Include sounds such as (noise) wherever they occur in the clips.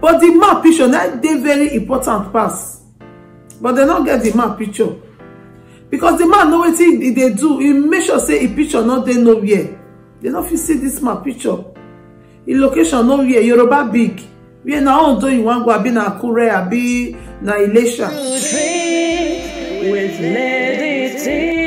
but the map picture na dey very important pass but they no get the map picture because the man know wetin e dey do He make sure say a picture no dey nowhere dem no fit see this map picture e location nowhere yoruba big where na ondo you wan go abi na akure abi na ilesha. with levity.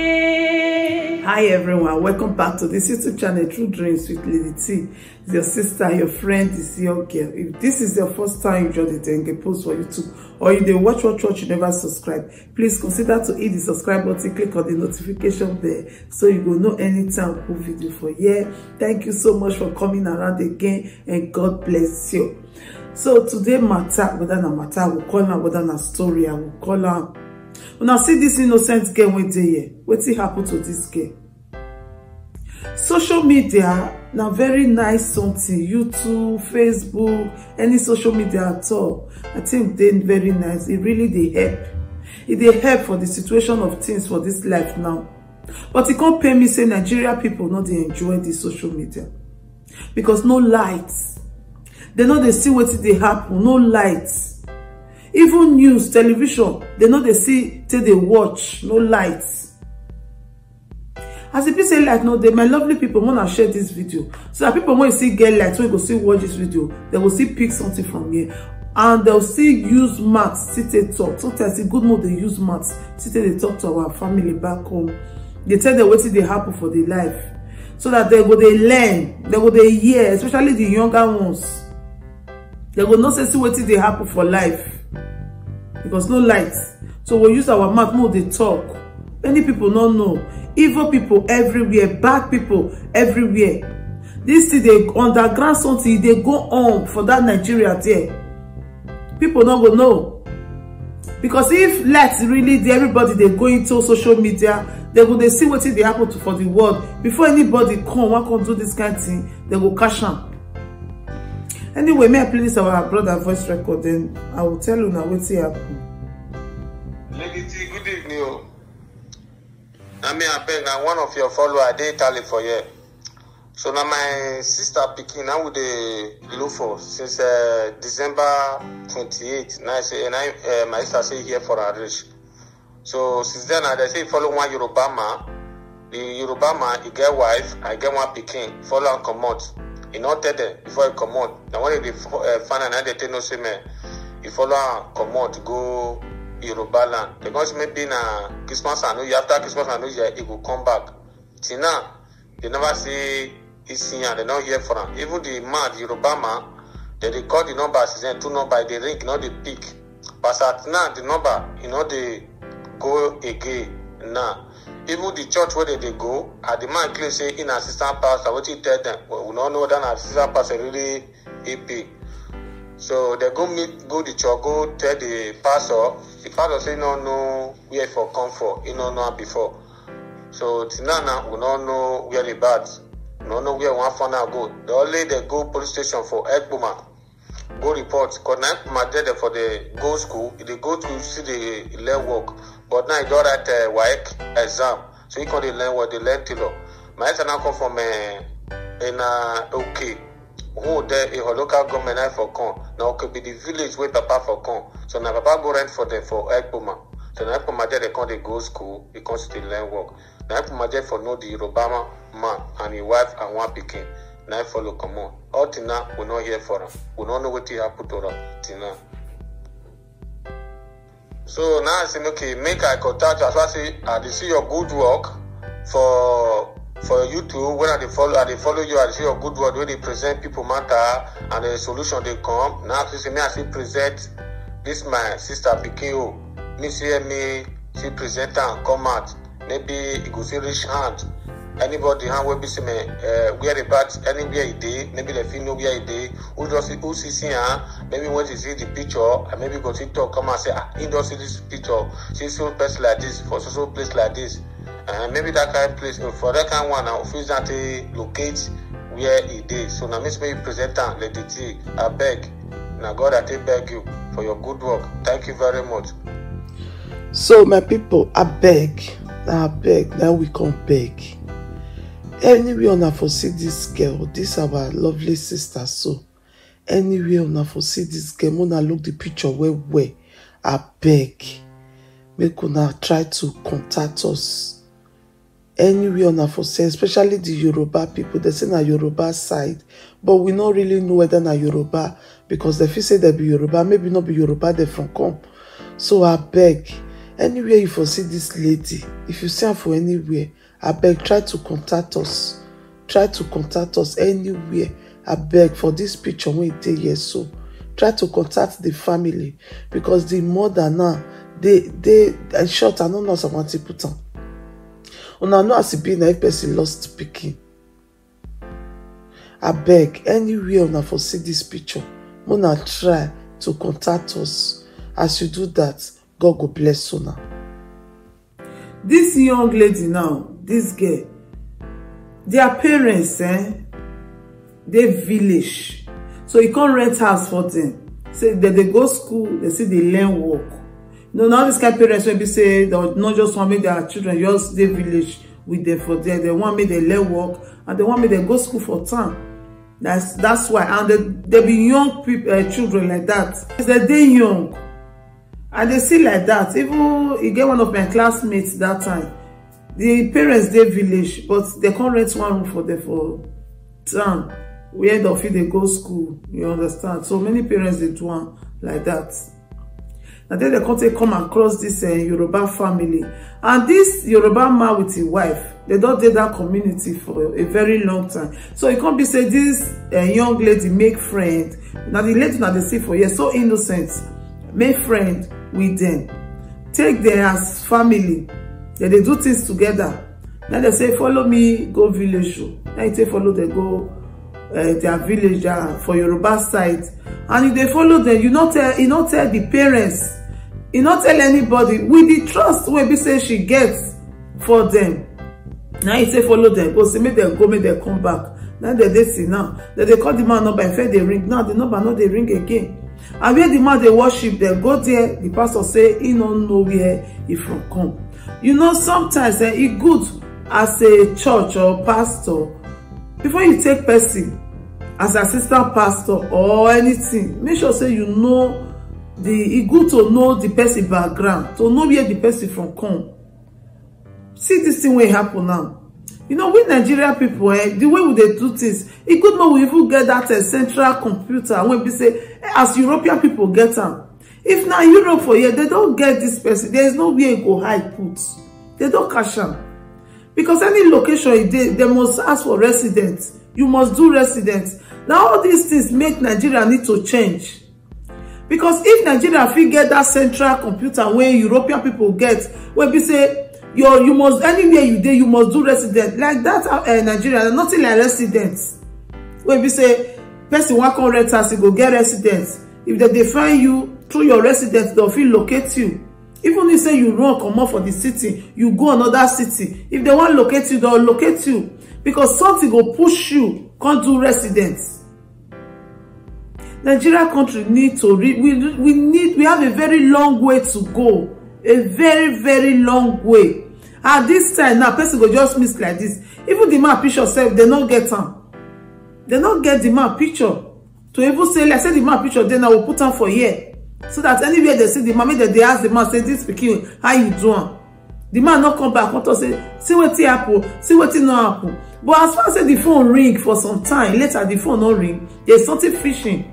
Hi everyone, welcome back to this YouTube channel True Dreams with Lady T. It's your sister, your friend, it's your girl. If this is your first time you joined the Denge post for YouTube or you dey watch watch watch you never subscribe, please consider to hit the subscribe button, click on the notification bell so you will know anytime we put video for here. Thank you so much for coming around again and God bless you. So today matter, whether na matter, we call her whether na story, I will call her. Now see this innocent girl wey year. What's it happen to this girl? social media na very nice something youtube facebook any social media at all i think dey very nice e really dey help e dey help for the situation of things for this life now but e come pain me say nigeria people no dey enjoy the social media because no light dem no dey see wetin dey happen no light even news television dem no dey see take dey watch no light as e be say light no they my lovely people wanna share this video so that people wey still get light wey go see watch this video they will see pick something from here and they'll see use maths till they talk sometimes e good more they use maths till they talk to our family back home they tell them wetin they happen for their life so that they go they learn they go they hear especially the younger ones they go not say see what they happen for life because no light so we use our mouth more they talk many people no know evil people everywhere bad people everywhere This thing dey underground something e dey go on for that nigeria there People no go know because if let really dey everybody dey go into social media dem go dey see wetin dey happen to for the world before anybody come wan come do dis kain thing dem go catch am anyway may i play dis our brother voice record then i will tell una wetin happen. i mean abeg na one of your followers. dey tally for here so na my sister pikin na we dey look for since uh, december twenty-eight na say na uh, my sister say here for her reach so since then i dey say follow one yoruba man the yoruba man e get wife i get one pikin follow am comot e no tell dem before e comot na when e dey uh, find am na dey take know say man he follow am comot go yoruba land because maybe na christmas and new year after christmas and new year e go come back till now they never see isin and they no hear from am even the man the yoruba man they dey call the number as two number e dey ring e no dey pick but at now the number e no dey go again now even the church wey dem dey go and the man claim say he na assistant pastor wetin he tell dem we no know whether na assistant pastor really he pay So they go meet, go the church, go tell the pastor. The pastor say, no, no, where for come for? you know know before. So Tinana, we no know where the bad. No know where one for now go. The only they go police station for Ekbuma. Go report. Connect my dad for the go school. They go to see the learn work. But now he got that uh, WAEC exam. So he the learn what the learn till. My son now come from uh, eh, in uh, okay who there in her local government I for con. Now could be the village where papa for con. So now papa go rent for them for Ekpoma. So now Ekpoma there they come they go school, they come still learn work. Now Ekpoma there for know the Obama man and his wife and one picking. Now follow come on. All till we not hear for him. We not know what happened to her till now. So now I say okay, make I contact as I say I see your good work for for you to whether they follow and they follow you and see your good word when they present people matter and the solution they come. Now to see me as he present this my sister Pikio. Me see me she present and come out. Maybe you e go see reach hand. Anybody hand will be see me uh, where the bat anywhere it e day, maybe the film know where it e day, who does see who see see her, maybe when she see the picture and maybe go see talk come and say ah he don't see this picture, see so place like this for so so place like this uh, maybe that kind of place uh, for that kind of one now uh, fit that locate where e dey so na means make you present am lady t abeg na god i take beg you for your good work thank you very much. so my pipo abeg na abeg na we come beg anywhere una for see dis girl dis our lovely sister so anywhere una for see dis girl una look the picture well well abeg make una try to contact us anywhere na for say especially the yoruba people they say na yoruba side but we no really know whether na yoruba because they feel say they be yoruba maybe no be yoruba they from come so abeg anywhere you for see this lady if you see am for anywhere abeg try to contact us try to contact us anywhere abeg for this picture wey e dey here so try to contact the family because the mother now dey dey in short i no know as i wan take put am una know as e be na if person lost pikin abeg anywhere una for see dis picture make una try to contact us as you do that, god go bless una. dis young lady now dis girl their parents eh, dey village so e come rent house for dem say dem dey go school dem still dey learn work no na all kind kain parents wey be say dem not just wan make their children just dey village with dem for there They want me they let work and they want me they go school for time. that's that's why and they they be young people uh, children like that as they dey young and they see like that even e get one of my classmates that time the parents dey village but they come rent one room for them for town where the fit they go school you understand so many parents they do am like that. And then they come take come across this uh, yoruba family and this yoruba man with his wife They don't dey that community for a very long time so e come be say this uh, young lady make friend Now the lady na dey see for years, so innocent make friend with them. take dem as family dem they do things together na they say follow me go village o na you take follow them, go uh, their village uh, for yoruba side and if they follow them, you not tell you not tell the parents He not tell anybody with the trust wey be say she get for dem na he say follow dem go say make dem go make dem come back na dem dey see now dem dey call the man number in fact dey ring now the number no dey ring again and where the man dey worship dem go there the pastor say he no know where he from come you know sometimes eh, e good as a church or pastor before you take person as assistant pastor or anything make sure say you know the e good to know the person background to know where the person from come see this thing wey happen now you know we nigeria people eh the way we dey do things e good make we even get that uh, central computer wey be say eh, as european people get am if na europe for here they don get this person there is no where e go hide put they don catch am because any location e dey they must ask for resident you must do resident na all these things make nigeria need to change because if nigeria fit get that central computer wey european people get wey be say your you must anywhere you dey you must do resident like that uh, eh, nigeria nothing like resident wey be say person wan come rent house e go get resident if dem dey find you through your resident dem fit locate you even if say you run comot for the city you go another city if dem wan locate you dem locate you because something go push you come do resident nigeria country need to re we we need we have a very long way to go a very very long way at this time now person go just miss like this even the man picture sef dem no get am dem no get the man picture to even say like say the man picture dey now we put am for here so that anywhere dem see the man make dem dey ask the man say this pikin how you do am the man no come back come talk say see wetin happen see wetin no happen but as far as say the phone ring for some time later the phone no ring there is something fishing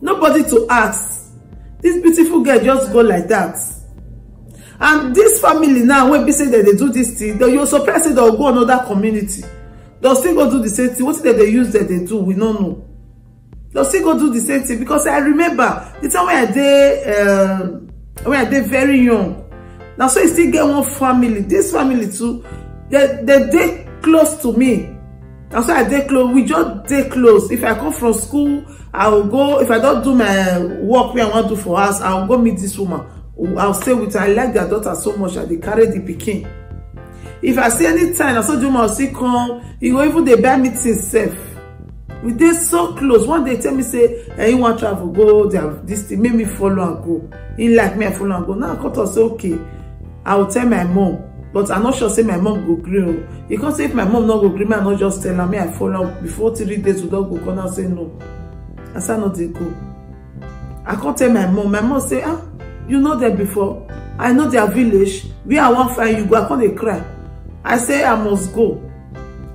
nobody to ask this beautiful girl just go like that and this family now When be say that they do this thing they you surprised say they'll go another community dem still go do the same thing What dem they use that they do we no know dem still go do the same thing because i remember the time when i dey um, when i dey very young Now so you still get one family this family too they they dey close to me na so i dey close we just dey close if i come from school i go go if i don do my work wey i wan do for house i go meet this woman i stay with her i like their daughter so much i dey carry the pikin if i see any time na so the woman still come e go even dey buy me things sef we dey so close one day tell me say eh he wan travel go their this thing make me follow am go he like me i follow am go now i come talk say okay i go tell my mom but i no sure say my mom go gree o because if my mom no go gree me i no just tell am make i follow am before three days we don go come out say no i say i no dey go i come tell my mom my mom say ah you know there before i know their village where i wan find you go i come dey cry i say i must go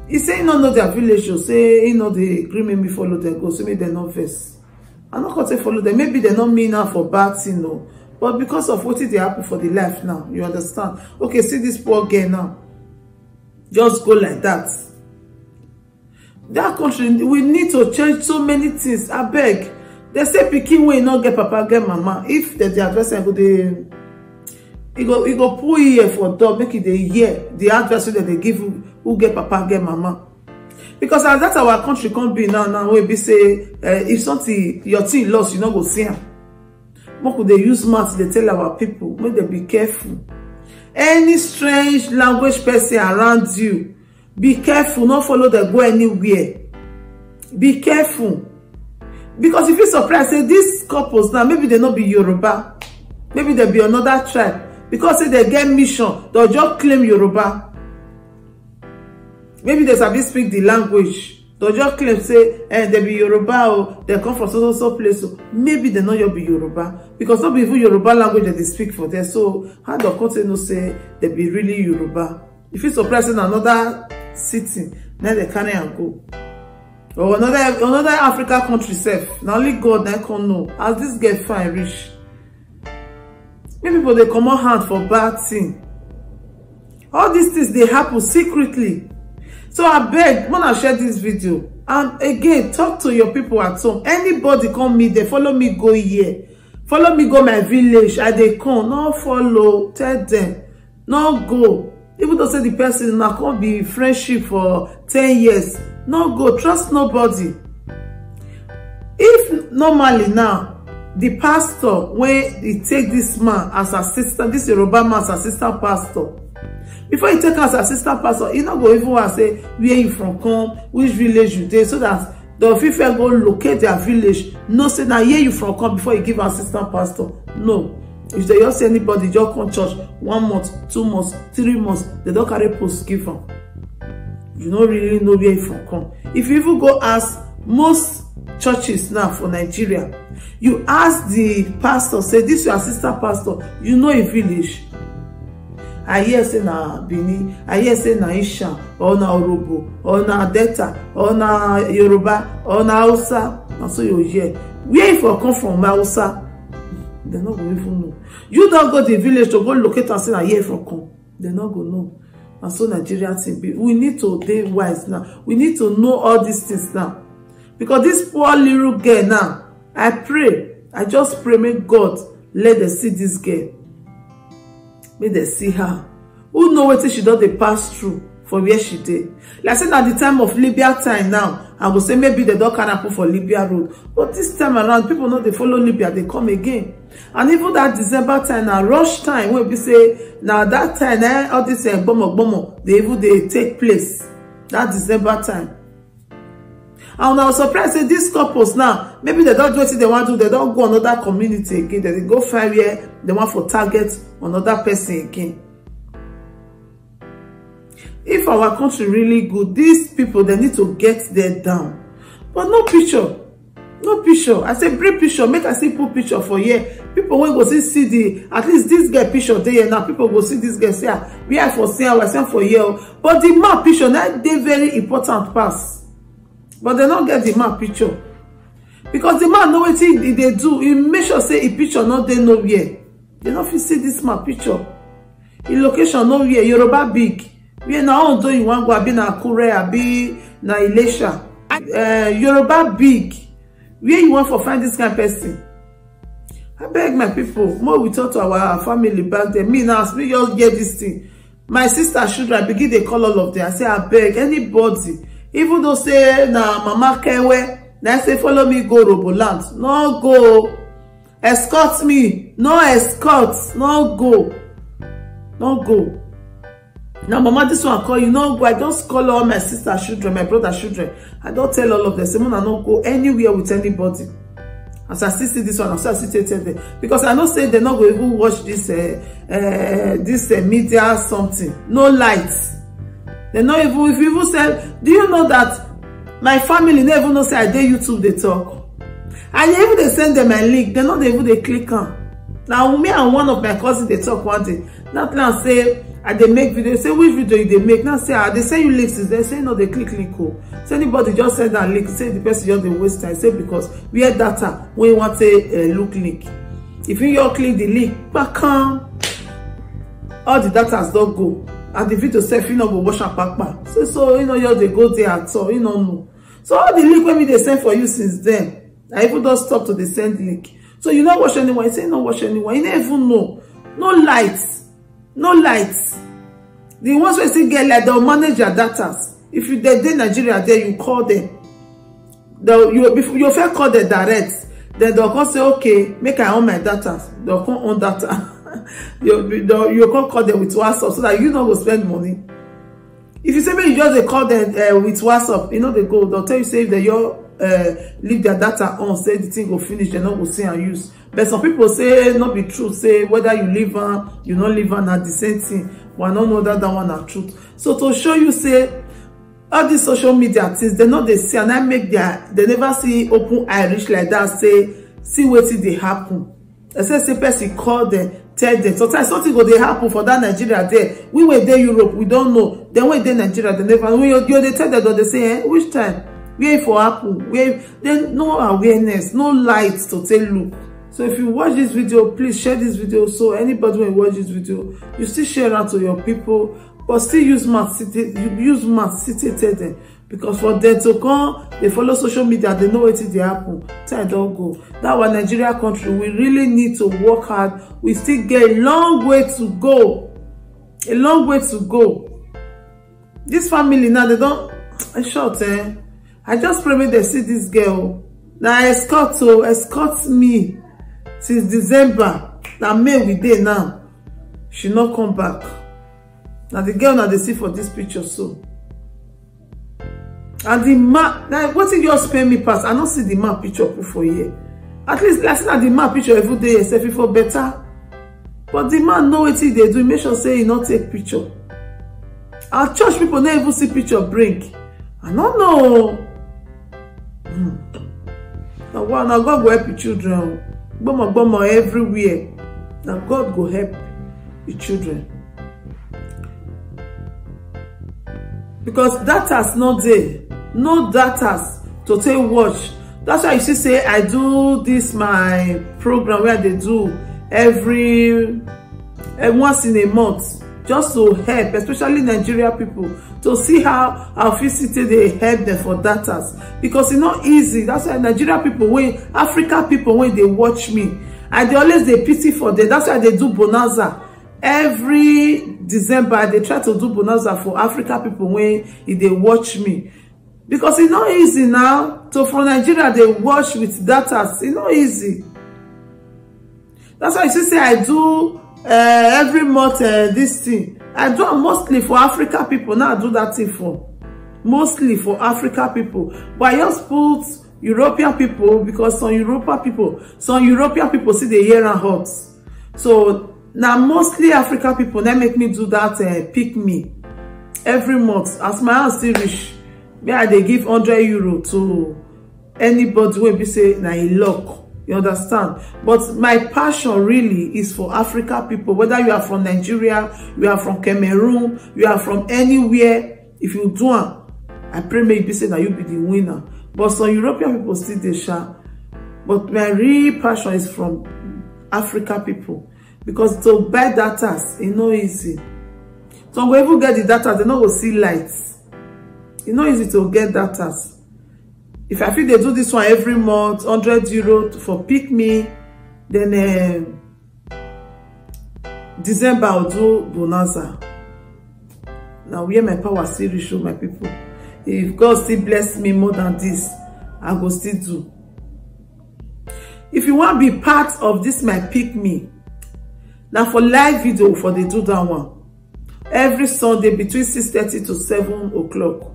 he say he no know their village o say he no dey gree make me follow them go say make dem no vex i no come say follow them maybe they no mean am for bad thing o. No but because of wetin they happen for the life now you understand okay see this poor girl now just go like that that country we need to change so many things I beg. They say pikin wey not get papa get mama if the address am go dey e go e go pull here for door make it the hear the address that they give who, get papa get mama because as that our country can't be now now we be say uh, if something your thing lost you not go see him. What could they use mouth dey tell our people "May they be careful any strange language person around you be careful Not follow them go anywhere be careful because you fit surprise say these couples now maybe they not be yoruba maybe they be another tribe because say they get mission they'll just claim yoruba maybe they sabi speak the language to just claim say eh dem be yoruba o dem come from so so so place o maybe dem no just be yoruba because no be even yoruba language dem dey speak for there so how dem come take know say dem be really yoruba you fit surprise say na another city na dem carry am go or another another africa country sef na only god na come know as dis girl fine reach make pipo dey comot hand for bad thing all dis things dey happen secretly so I abeg wanna share this video and again talk to your people at home anybody come meet dem follow me go here follow me go my village i they come no follow tell them. no go even though say the person na come be friendship for 10 years no go trust nobody if normally now the pastor when e take this man as assistant this yoruba man as assistant pastor before you take as assistant pastor you not go even wan say where you from come which village you dey so that dem fit first go locate their village No, say now here you from come before you give assistant pastor no if they just see anybody just come church one month two months three months they don't carry post give am you no really know where you from come if you even go ask most churches now for nigeria you ask the pastor say this your assistant pastor you know a village i hear say na benin i hear say na ishan or na orobo or na delta or na yoruba or na hausa na so you hear where you for come from hausa dem no go even know you don go the village to go locate am say na here for come dem no go know na so nigeria thing be we need to dey wise now we need to know all these things now because this poor little girl now i pray i just pray make god let dem see this girl make dem see her who know wetin she don dey pass through for where she dey like say na the time of libya time now i go say maybe dem don carry am put for libya road but this time around people no dey follow libya dey come again and even that december time na rush time wey be say na that time eh, all this uh, eh, gbomogbomo dey even dey take place that december time and i was surprised say these couples now maybe they don't do wetin dem wan do They don't go another community again They go find where They want for target another person again if our country really good these people they need to get there down but no picture no picture i say bring picture make a simple picture for here People wey go see see di at least this guy picture there. now people go see this guy say ah, We are for see am i see for here oh. but the map picture na they very important pass but they no get the man picture because the man know wetin e they do He make sure say e picture no dey nowhere dem no fit see this man picture e location no where. yoruba big where na ondo you wan go abi na akure abi na ilesha uh, eh, yoruba big where you want for find this kind of person beg my people. more we talk to our family back then me now as me just get this thing my sister should I begin dey call all of them i say I beg anybody even though say na mama kenwe na say follow me go roboland no go escort me no escort no go no go Now, mama this one call you no go i just call all my sister children my brother children i don't tell all of them say mona no go anywhere with anybody as i see this one as i still tell them because i know say they're not going to watch this uh, uh, this uh, media something no lights. They no even if you even say do you know that my family never know say i did youtube They talk and even they send them a link They no dey even they click on. Now me and one of my cousins they talk one day na plan say i they make video say which video you dey make now say i ah, they send you link since then say no they click link Oh, say anybody just send that link say the person just dey waste time say because we have data We want to uh, eh, look link if you just click the link back on all the data has not go At the video self, you know, go wash am kpakpa so so you know, just dey go there at all you no so all the link When me they send for you since then i even don't stop to dey send link so you no wash anyone you say you no watch anyone you never know no lights. no lights. the ones wey still get light dem manage your data if you dey in nigeria there you call them. dem you before you fit call the direct then dem come say okay make i own my data dem come own data. (laughs) (laughs) you you know come call them with whatsapp so that you don't go spend money if you say make you just call them uh, with whatsapp You know they go they'll tell you say that dem your uh, leave their data on say the thing will finish dem no go see and use but some people say not be true say whether you leave am you no leave am na the same thing but i no know that that one are truth so to show you say all these social media things dem no dey see and i make their they never see open Irish like that say see what dey happen except say person call them tell dem sometimes something go dey happen for that nigeria there we wey dey europe we don know dem wey dey nigeria dem never know you dey tell dem don dey say eh which time where e for happen where then no awareness no light to take look so if you watch this video please share this video so anybody wey watch dis video you still share am to your people, but still use math use city. tell dem because for them to come they follow social media They know wetin dey happen time don go that our nigeria country we really need to work hard we still get a long way to go a long way to go this family now they don i short eh i just pray make dem see this girl na escort o oh, escort me since december na may we dey now she no come back na the girl na dey see for this picture so and di map like you just pain me pass i no see the map picture put for here at least i see na di map picture every day except for better but the man know what e dey do make sure say he not take picture our church people no even see picture bring i no know hmm. na wow na god go help the children gbomo gbomo everywhere Now god go help the children because datas no dey no datas to take watch that's why you see say i do this my program wey i dey do every every eh, once in a month just to help especially nigeria people to see how our facility dey help them for datas because e no easy that's why nigeria people wey africa people wey dey watch me i dey always dey pity for them that's why i dey do bonanza every december i dey try to do bonanza for africa people wey e dey watch me because e no easy now to for nigeria dey watch with data e no easy that's why you see say i do uh, every month uh, this thing i do am mostly for africa people now i do that thing for mostly for africa people but i just put european people because some european people some european people still dey hear am hot so Now mostly african people na make me do that uh, pick me every month as my hand still rich me i dey give hundred euro to anybody wey be say na e luck you understand but my passion really is for africa people whether you are from nigeria you are from cameroon you are from anywhere if you do it i pray maybe say that you be the winner but some european people still dey share but my real passion is from africa people because to buy data e no easy some go even get the data they no go see lights. e no easy to get data if i feel they do this one every month hundred euro for pick me then um, december i do bonanza na where my power still show oh my people if god still bless me more than this i go still do if you wan be part of this my pick me Now for live video for the do dat one every sunday between 6:30 to 7 o'clock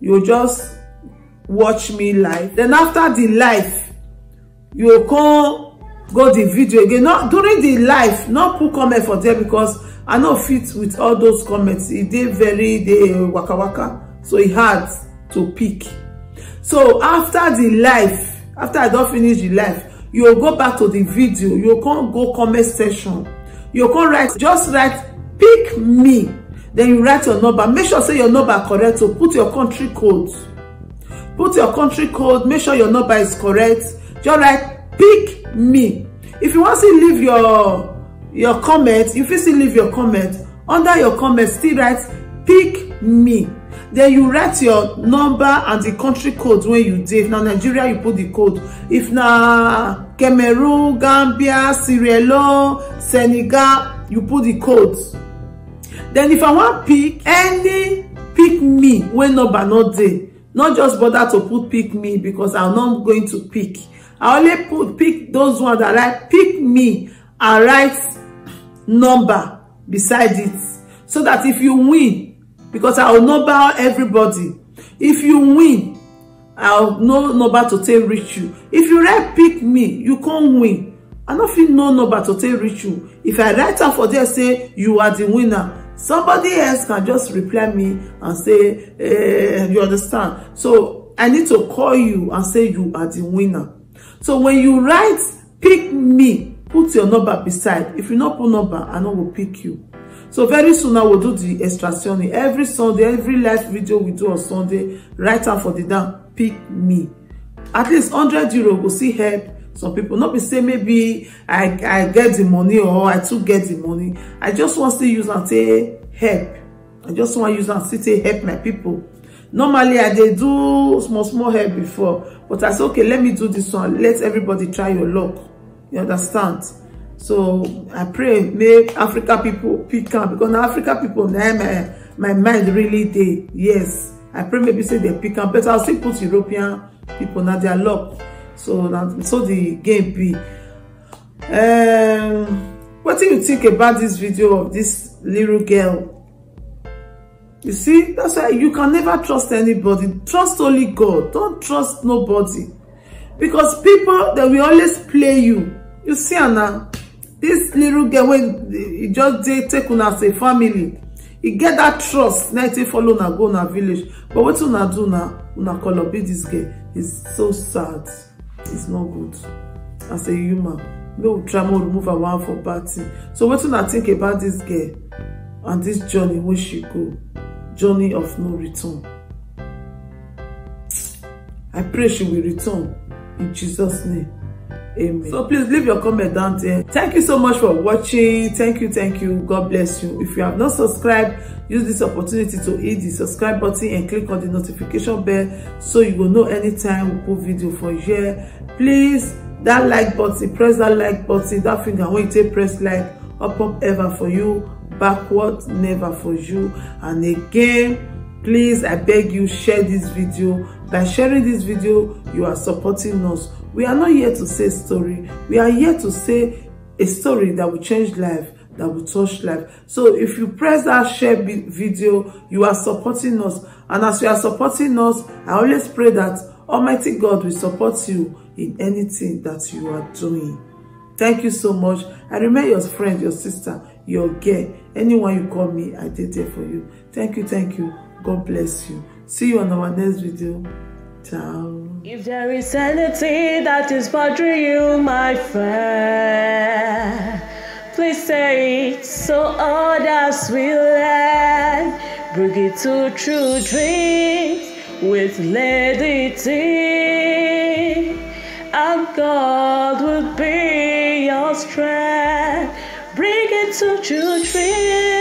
you just watch me live then after the live you come go the video again not during the live not put comment for there because i no fit with all those comments It e did very e dey waka waka so it e had to pick so after the live after i don't finish the live you'll go back to the video you come go comment section you go write just write pick me then you write your number make sure say your number correct so put your country code put your country code make sure your number is correct just write pick me if you wan still leave your your comment you fit still leave your comment under your comment still write pick me then you write your number and the country code when you dey if na nigeria you put the code if na cameroon gambia sierra leone senegal you put the code then if i wan pick any pick me wey number no dey no just bother to put pick me because i'm not going to pick i only put pick those ones that like pick me and write number beside it so that if you win because I'll number everybody. If you win, I'll know number to take reach you. If you write pick me, you can't win. I no fit know number to take reach you. If I write am for there say you are the winner, somebody else can just reply me and say eh, you understand. So I need to call you and say you are the winner. So when you write pick me, put your number beside. If you no put number, I no go pick you so very soon I will do the extraction every sunday every live video we do on sunday write am for the down pick me at least hundred euro go see help some people not be say maybe i i get the money or i too get the money i just wan to use and say help i just want to use and say help my people normally i did do small small help before but i said okay let me do this one let everybody try your luck you understand so i pray make africa people pick am because na africa people na eh, my my mind really dey yes i pray maybe say dem pick am but i still put european pipo na their luck so na so the game be um, wetin you think about this video of this little girl you see that's why you can never trust anybody trust only god don't trust nobody because people they will always play you you see am na This little girl when he just dey take una as a family he get that trust Now e take follow na go na village but wetin una do na una up this girl is so sad It's not good as a human make we try more remove her one for bad thing so wetin una think about this girl and this journey where she go journey of no return i pray she will return in jesus name Amen. So please leave your comment down there. Thank you so much for watching. Thank you, thank you. God bless you. If you have not subscribed, use this opportunity to hit the subscribe button and click on the notification bell so you will know anytime we put video for here. Please, that like button, press that like button, that finger when you take press like, up up ever for you, backward never for you. And again, please i beg you share this video by sharing this video you are supporting us We are not here to say story. We are here to say a story that will change life, that will touch life. So if you press that share video, you are supporting us. And as you are supporting us, I always pray that Almighty God will support you in anything that you are doing. Thank you so much. I remember your friend, your sister, your girl. Anyone you call me, I did there for you. Thank you, thank you. God bless you. See you on our next video. Ciao. If there is anything that is bothering you, my friend, please say it so others will learn. Bring it to true dreams with Lady T, and God will be your strength. Bring it to true dreams.